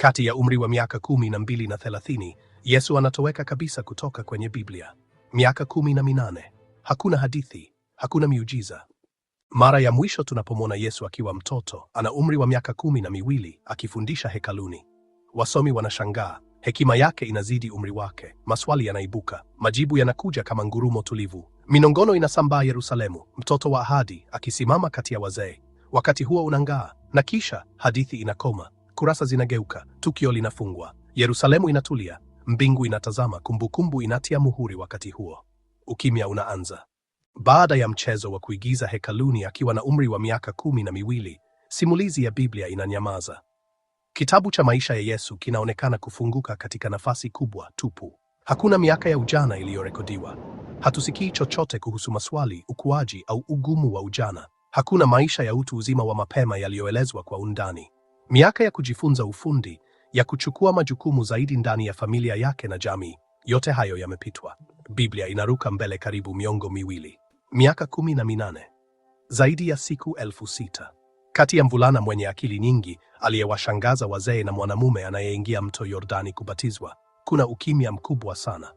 kati ya umri wa miaka kumi na mbili na thelathini, Yesu anatoweka kabisa kutoka kwenye Biblia. Miaka kumi na minane, hakuna hadithi, hakuna miujiza. Mara ya mwisho tunapomwona Yesu akiwa mtoto, ana umri wa miaka kumi na miwili akifundisha hekaluni. Wasomi wanashangaa, hekima yake inazidi umri wake. Maswali yanaibuka, majibu yanakuja kama ngurumo tulivu. Minongono inasambaa Yerusalemu, mtoto wa ahadi akisimama kati ya wazee. Wakati huo unang'aa, na kisha hadithi inakoma. Kurasa zinageuka, tukio linafungwa, Yerusalemu inatulia, mbingu inatazama, kumbukumbu inatia muhuri. Wakati huo ukimya unaanza. Baada ya mchezo wa kuigiza hekaluni, akiwa na umri wa miaka kumi na miwili, simulizi ya Biblia inanyamaza. Kitabu cha maisha ya Yesu kinaonekana kufunguka katika nafasi kubwa tupu. Hakuna miaka ya ujana iliyorekodiwa. Hatusikii chochote kuhusu maswali, ukuaji au ugumu wa ujana. Hakuna maisha ya utu uzima wa mapema yaliyoelezwa kwa undani. Miaka ya kujifunza ufundi, ya kuchukua majukumu zaidi ndani ya familia yake na jamii, yote hayo yamepitwa. Biblia inaruka mbele karibu miongo miwili, miaka kumi na minane, zaidi ya siku elfu sita kati ya mvulana mwenye akili nyingi aliyewashangaza wazee na mwanamume anayeingia mto Yordani kubatizwa, kuna ukimya mkubwa sana.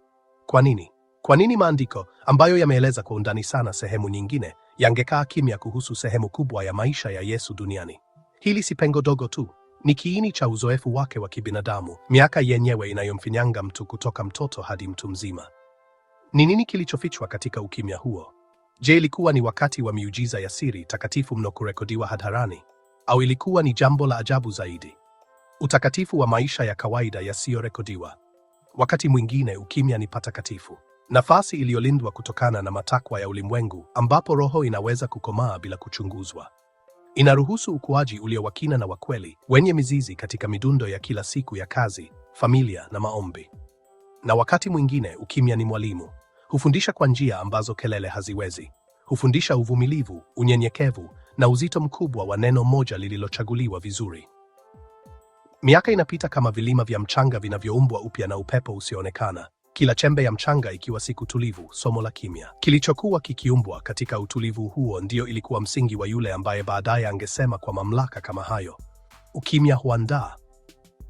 Kwa nini? Kwa nini maandiko ambayo yameeleza kwa undani sana sehemu nyingine yangekaa kimya kuhusu sehemu kubwa ya maisha ya Yesu duniani? Hili si pengo dogo tu, ni kiini cha uzoefu wake wa kibinadamu, miaka yenyewe inayomfinyanga mtu kutoka mtoto hadi mtu mzima. Ni nini kilichofichwa katika ukimya huo? Je, ilikuwa ni wakati wa miujiza ya siri takatifu mno kurekodiwa hadharani, au ilikuwa ni jambo la ajabu zaidi, utakatifu wa maisha ya kawaida yasiyorekodiwa? Wakati mwingine ukimya ni patakatifu, nafasi iliyolindwa kutokana na matakwa ya ulimwengu, ambapo roho inaweza kukomaa bila kuchunguzwa. Inaruhusu ukuaji ulio wa kina na wa kweli wenye mizizi katika midundo ya kila siku ya kazi, familia na maombi. Na wakati mwingine ukimya ni mwalimu. Hufundisha kwa njia ambazo kelele haziwezi. Hufundisha uvumilivu, unyenyekevu na uzito mkubwa wa neno moja lililochaguliwa vizuri. Miaka inapita kama vilima vya mchanga vinavyoumbwa upya na upepo usioonekana kila chembe ya mchanga ikiwa siku tulivu, somo la kimya. Kilichokuwa kikiumbwa katika utulivu huo ndio ilikuwa msingi wa yule ambaye baadaye angesema kwa mamlaka kama hayo. Ukimya huandaa,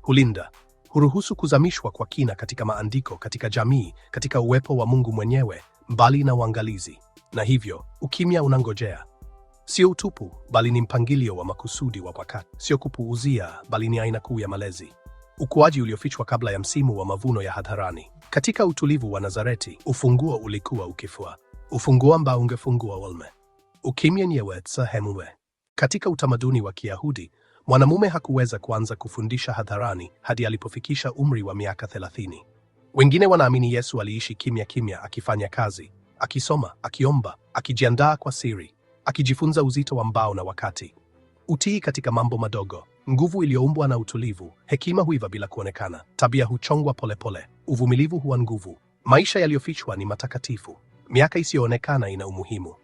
hulinda, huruhusu kuzamishwa kwa kina katika maandiko, katika jamii, katika uwepo wa Mungu mwenyewe, mbali na uangalizi. Na hivyo ukimya unangojea, sio utupu, bali ni mpangilio wa makusudi wa wakati, sio kupuuzia, bali ni aina kuu ya malezi ukuaji uliofichwa kabla ya msimu wa mavuno ya hadharani. Katika utulivu wa Nazareti, ufunguo ulikuwa ukifua, ufunguo ambao ungefungua walme. Ukimya nyewetsa Katika utamaduni wa Kiyahudi, mwanamume hakuweza kuanza kufundisha hadharani hadi alipofikisha umri wa miaka 30. Wengine wanaamini Yesu aliishi kimya kimya, akifanya kazi, akisoma, akiomba, akijiandaa kwa siri, akijifunza uzito wa mbao na wakati, utii katika mambo madogo. Nguvu iliyoumbwa na utulivu, hekima huiva bila kuonekana, tabia huchongwa polepole, uvumilivu huwa nguvu, maisha yaliyofichwa ni matakatifu, miaka isiyoonekana ina umuhimu.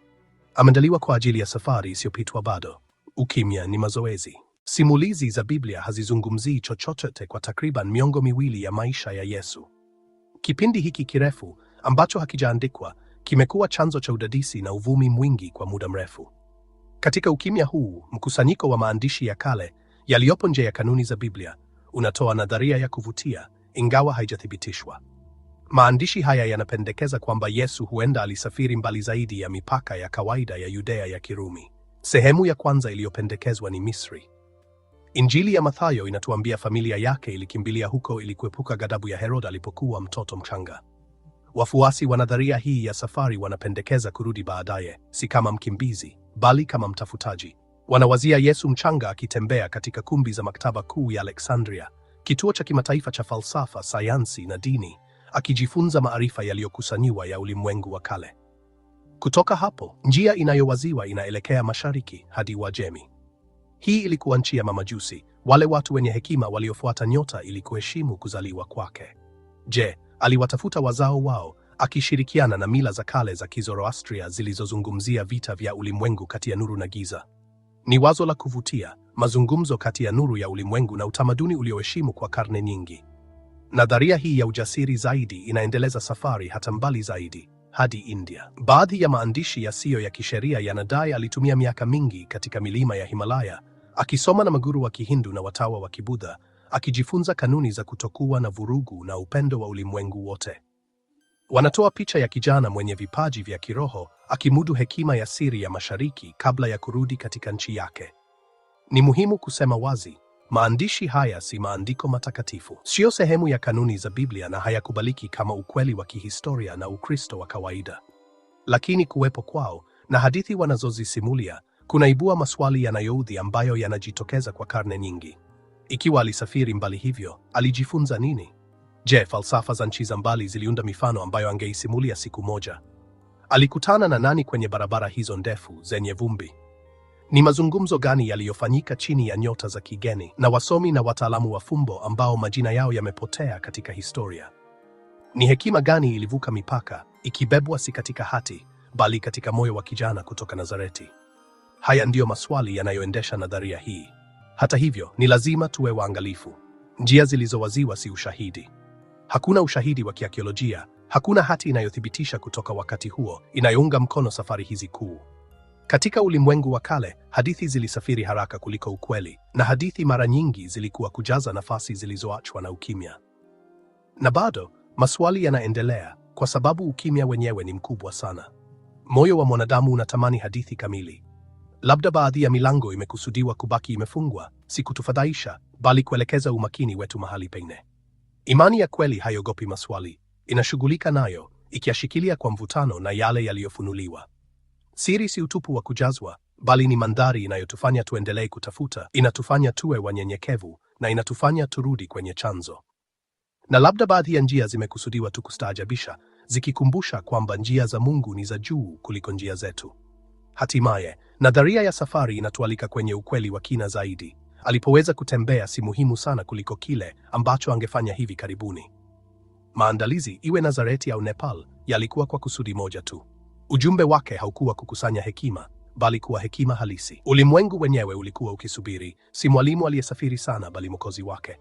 Ameandaliwa kwa ajili ya safari isiyopitwa bado. Ukimya ni mazoezi. Simulizi za Biblia hazizungumzii chochote kwa takriban miongo miwili ya maisha ya Yesu. Kipindi hiki kirefu ambacho hakijaandikwa kimekuwa chanzo cha udadisi na uvumi mwingi kwa muda mrefu. Katika ukimya huu, mkusanyiko wa maandishi ya kale yaliyopo nje ya kanuni za Biblia, unatoa nadharia ya kuvutia ingawa haijathibitishwa. Maandishi haya yanapendekeza kwamba Yesu huenda alisafiri mbali zaidi ya mipaka ya kawaida ya Yudea ya Kirumi. Sehemu ya kwanza iliyopendekezwa ni Misri. Injili ya Mathayo inatuambia familia yake ilikimbilia huko ili kuepuka ghadhabu ya Herod alipokuwa mtoto mchanga. Wafuasi wa nadharia hii ya safari wanapendekeza kurudi baadaye, si kama mkimbizi, bali kama mtafutaji, Wanawazia Yesu mchanga akitembea katika kumbi za maktaba kuu ya Alexandria, kituo cha kimataifa cha falsafa, sayansi na dini, akijifunza maarifa yaliyokusanyiwa ya ulimwengu wa kale. Kutoka hapo, njia inayowaziwa inaelekea mashariki hadi Uajemi. Hii ilikuwa nchi ya mamajusi, wale watu wenye hekima waliofuata nyota ili kuheshimu kuzaliwa kwake. Je, aliwatafuta wazao wao akishirikiana na mila za kale za Kizoroastria zilizozungumzia vita vya ulimwengu kati ya nuru na giza? Ni wazo la kuvutia, mazungumzo kati ya nuru ya ulimwengu na utamaduni ulioheshimu kwa karne nyingi. Nadharia hii ya ujasiri zaidi inaendeleza safari hata mbali zaidi, hadi India. Baadhi ya maandishi yasiyo ya kisheria yanadai alitumia miaka mingi katika milima ya Himalaya, akisoma na maguru wa Kihindu na watawa wa Kibudha, akijifunza kanuni za kutokuwa na vurugu na upendo wa ulimwengu wote. Wanatoa picha ya kijana mwenye vipaji vya kiroho akimudu hekima ya siri ya mashariki kabla ya kurudi katika nchi yake. Ni muhimu kusema wazi, maandishi haya si maandiko matakatifu, siyo sehemu ya kanuni za Biblia na hayakubaliki kama ukweli wa kihistoria na Ukristo wa kawaida. Lakini kuwepo kwao na hadithi wanazozisimulia kunaibua maswali yanayoudhi ambayo yanajitokeza kwa karne nyingi. Ikiwa alisafiri mbali hivyo, alijifunza nini? Je, falsafa za nchi za mbali ziliunda mifano ambayo angeisimulia siku moja? Alikutana na nani kwenye barabara hizo ndefu zenye vumbi? Ni mazungumzo gani yaliyofanyika chini ya nyota za kigeni na wasomi na wataalamu wa fumbo ambao majina yao yamepotea katika historia? Ni hekima gani ilivuka mipaka, ikibebwa si katika hati, bali katika moyo wa kijana kutoka Nazareti? Haya ndiyo maswali yanayoendesha nadharia hii. Hata hivyo, ni lazima tuwe waangalifu. Njia zilizowaziwa si ushahidi. Hakuna ushahidi wa kiakiolojia, hakuna hati inayothibitisha kutoka wakati huo inayounga mkono safari hizi kuu. Katika ulimwengu wa kale, hadithi zilisafiri haraka kuliko ukweli, na hadithi mara nyingi zilikuwa kujaza nafasi zilizoachwa na ukimya. Na bado maswali yanaendelea kwa sababu ukimya wenyewe ni mkubwa sana. Moyo wa mwanadamu unatamani hadithi kamili. Labda baadhi ya milango imekusudiwa kubaki imefungwa, si kutufadhaisha, bali kuelekeza umakini wetu mahali pengine. Imani ya kweli haiogopi maswali, inashughulika nayo, ikiyashikilia kwa mvutano na yale yaliyofunuliwa. Siri si utupu wa kujazwa, bali ni mandhari inayotufanya tuendelee kutafuta, inatufanya tuwe wanyenyekevu na inatufanya turudi kwenye chanzo. Na labda baadhi ya njia zimekusudiwa tu kustaajabisha, zikikumbusha kwamba njia za Mungu ni za juu kuliko njia zetu. Hatimaye, nadharia ya safari inatualika kwenye ukweli wa kina zaidi alipoweza kutembea si muhimu sana kuliko kile ambacho angefanya hivi karibuni. Maandalizi iwe Nazareti au Nepal yalikuwa kwa kusudi moja tu. Ujumbe wake haukuwa kukusanya hekima, bali kuwa hekima halisi. Ulimwengu wenyewe ulikuwa ukisubiri, si mwalimu aliyesafiri sana, bali mwokozi wake.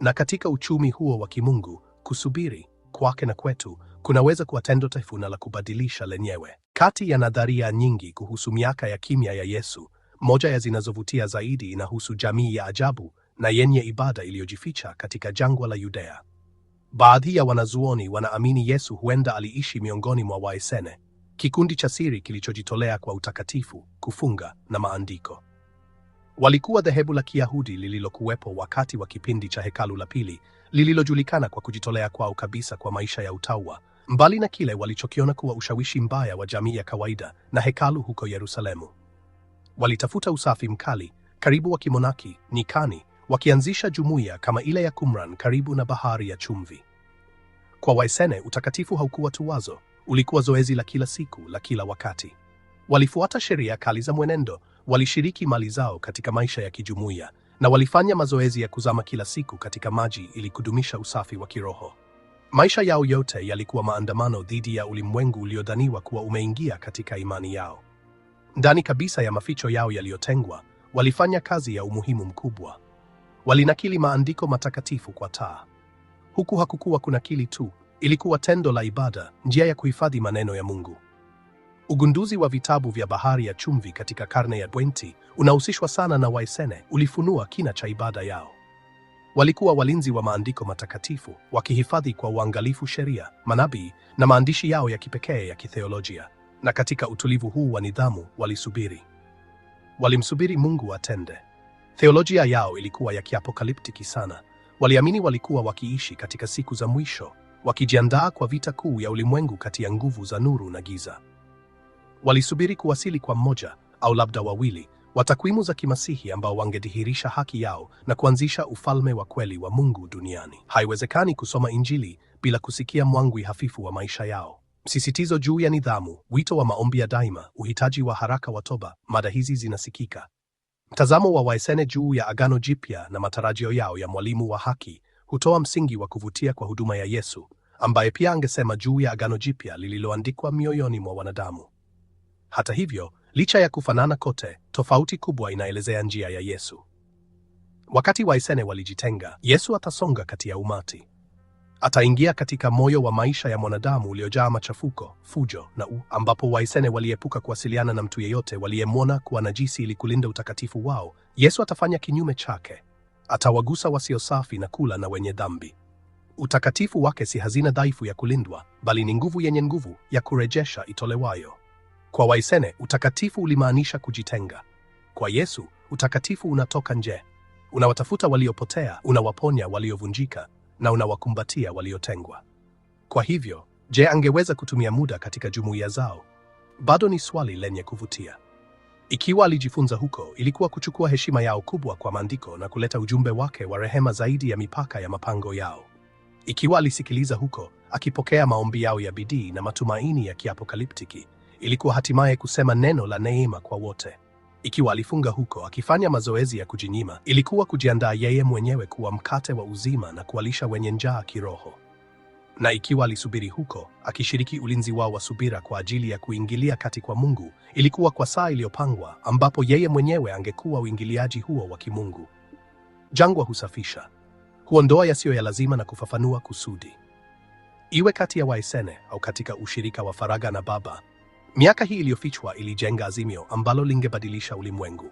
Na katika uchumi huo wa kimungu, kusubiri kwake na kwetu kunaweza kuwa tendo la kubadilisha lenyewe. Kati ya nadharia nyingi kuhusu miaka ya kimya ya Yesu moja ya zinazovutia zaidi inahusu jamii ya ajabu na yenye ibada iliyojificha katika jangwa la Yudea. Baadhi ya wanazuoni wanaamini Yesu huenda aliishi miongoni mwa Waesene, kikundi cha siri kilichojitolea kwa utakatifu, kufunga na maandiko. Walikuwa dhehebu la Kiyahudi lililokuwepo wakati wa kipindi cha hekalu la pili, lililojulikana kwa kujitolea kwao kabisa kwa maisha ya utawa, mbali na kile walichokiona kuwa ushawishi mbaya wa jamii ya kawaida na hekalu huko Yerusalemu walitafuta usafi mkali karibu wa kimonaki Nikani, wakianzisha jumuiya kama ile ya Qumran karibu na bahari ya chumvi. Kwa Waisene, utakatifu haukuwa tu wazo, ulikuwa zoezi la kila siku la kila wakati. Walifuata sheria kali za mwenendo, walishiriki mali zao katika maisha ya kijumuiya na walifanya mazoezi ya kuzama kila siku katika maji ili kudumisha usafi wa kiroho. Maisha yao yote yalikuwa maandamano dhidi ya ulimwengu uliodhaniwa kuwa umeingia katika imani yao. Ndani kabisa ya maficho yao yaliyotengwa, walifanya kazi ya umuhimu mkubwa. Walinakili maandiko matakatifu kwa taa. Huku hakukuwa kunakili tu, ilikuwa tendo la ibada, njia ya kuhifadhi maneno ya Mungu. Ugunduzi wa vitabu vya Bahari ya Chumvi katika karne ya 20 unahusishwa sana na Waesene, ulifunua kina cha ibada yao. Walikuwa walinzi wa maandiko matakatifu, wakihifadhi kwa uangalifu sheria, manabii na maandishi yao ya kipekee ya kitheolojia na katika utulivu huu wa nidhamu walisubiri, walimsubiri Mungu atende. Theolojia yao ilikuwa ya kiapokaliptiki sana. Waliamini walikuwa wakiishi katika siku za mwisho, wakijiandaa kwa vita kuu ya ulimwengu kati ya nguvu za nuru na giza. Walisubiri kuwasili kwa mmoja au labda wawili wa takwimu za kimasihi ambao wangedhihirisha haki yao na kuanzisha ufalme wa kweli wa Mungu duniani. Haiwezekani kusoma Injili bila kusikia mwangwi hafifu wa maisha yao. Msisitizo juu ya nidhamu, wito wa maombi ya daima, uhitaji wa haraka wa toba, mada hizi zinasikika. Mtazamo wa Waesene juu ya Agano Jipya na matarajio yao ya mwalimu wa haki hutoa msingi wa kuvutia kwa huduma ya Yesu, ambaye pia angesema juu ya Agano Jipya lililoandikwa mioyoni mwa wanadamu. Hata hivyo, licha ya kufanana kote, tofauti kubwa inaelezea njia ya Yesu. Wakati Waesene walijitenga, Yesu atasonga kati ya umati ataingia katika moyo wa maisha ya mwanadamu uliojaa machafuko, fujo na u, ambapo Waisene waliepuka kuwasiliana na mtu yeyote waliyemwona kuwa najisi ili kulinda utakatifu wao. Yesu atafanya kinyume chake, atawagusa wasio safi na kula na wenye dhambi. Utakatifu wake si hazina dhaifu ya kulindwa, bali ni nguvu yenye nguvu ya kurejesha itolewayo. Kwa Waisene utakatifu ulimaanisha kujitenga. Kwa Yesu utakatifu unatoka nje, unawatafuta waliopotea, unawaponya waliovunjika na unawakumbatia waliotengwa. Kwa hivyo, je, angeweza kutumia muda katika jumuiya zao? Bado ni swali lenye kuvutia. Ikiwa alijifunza huko, ilikuwa kuchukua heshima yao kubwa kwa maandiko na kuleta ujumbe wake wa rehema zaidi ya mipaka ya mapango yao. Ikiwa alisikiliza huko, akipokea maombi yao ya bidii na matumaini ya kiapokaliptiki, ilikuwa hatimaye kusema neno la neema kwa wote. Ikiwa alifunga huko akifanya mazoezi ya kujinyima, ilikuwa kujiandaa yeye mwenyewe kuwa mkate wa uzima na kualisha wenye njaa kiroho. Na ikiwa alisubiri huko akishiriki ulinzi wao wa subira kwa ajili ya kuingilia kati kwa Mungu, ilikuwa kwa saa iliyopangwa ambapo yeye mwenyewe angekuwa uingiliaji huo wa kimungu. Jangwa husafisha, huondoa yasiyo ya lazima na kufafanua kusudi, iwe kati ya Waesene au katika ushirika wa faraga na Baba. Miaka hii iliyofichwa ilijenga azimio ambalo lingebadilisha ulimwengu.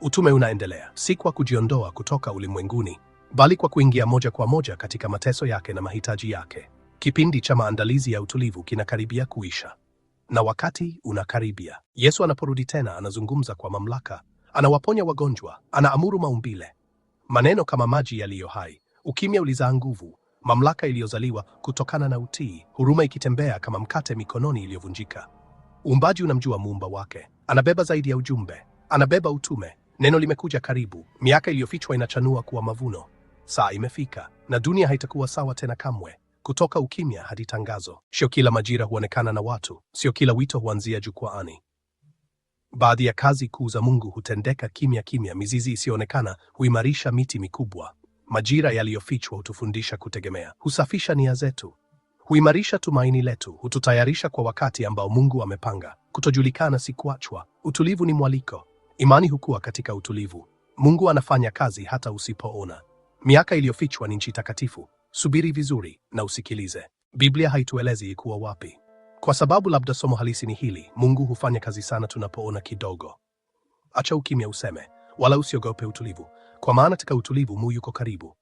Utume unaendelea, si kwa kujiondoa kutoka ulimwenguni, bali kwa kuingia moja kwa moja katika mateso yake na mahitaji yake. Kipindi cha maandalizi ya utulivu kinakaribia kuisha, na wakati unakaribia. Yesu anaporudi tena, anazungumza kwa mamlaka, anawaponya wagonjwa, anaamuru maumbile. Maneno kama maji yaliyo hai, ukimya ulizaa nguvu, mamlaka iliyozaliwa kutokana na utii, huruma ikitembea kama mkate mikononi iliyovunjika. Uumbaji unamjua muumba wake, anabeba zaidi ya ujumbe, anabeba utume. Neno limekuja karibu, miaka iliyofichwa inachanua kuwa mavuno. Saa imefika na dunia haitakuwa sawa tena kamwe. Kutoka ukimya hadi tangazo. Sio kila majira huonekana na watu, sio kila wito huanzia jukwaani. Baadhi ya kazi kuu za Mungu hutendeka kimya kimya. Mizizi isiyoonekana huimarisha miti mikubwa. Majira yaliyofichwa hutufundisha kutegemea, husafisha nia zetu huimarisha tumaini letu, hututayarisha kwa wakati ambao Mungu amepanga. Kutojulikana si kuachwa. Utulivu ni mwaliko. Imani hukua katika utulivu. Mungu anafanya kazi hata usipoona. Miaka iliyofichwa ni nchi takatifu. Subiri vizuri na usikilize. Biblia haituelezi ikuwa wapi, kwa sababu labda somo halisi ni hili: Mungu hufanya kazi sana tunapoona kidogo. Acha ukimya useme, wala usiogope utulivu, kwa maana katika utulivu Mungu yuko karibu.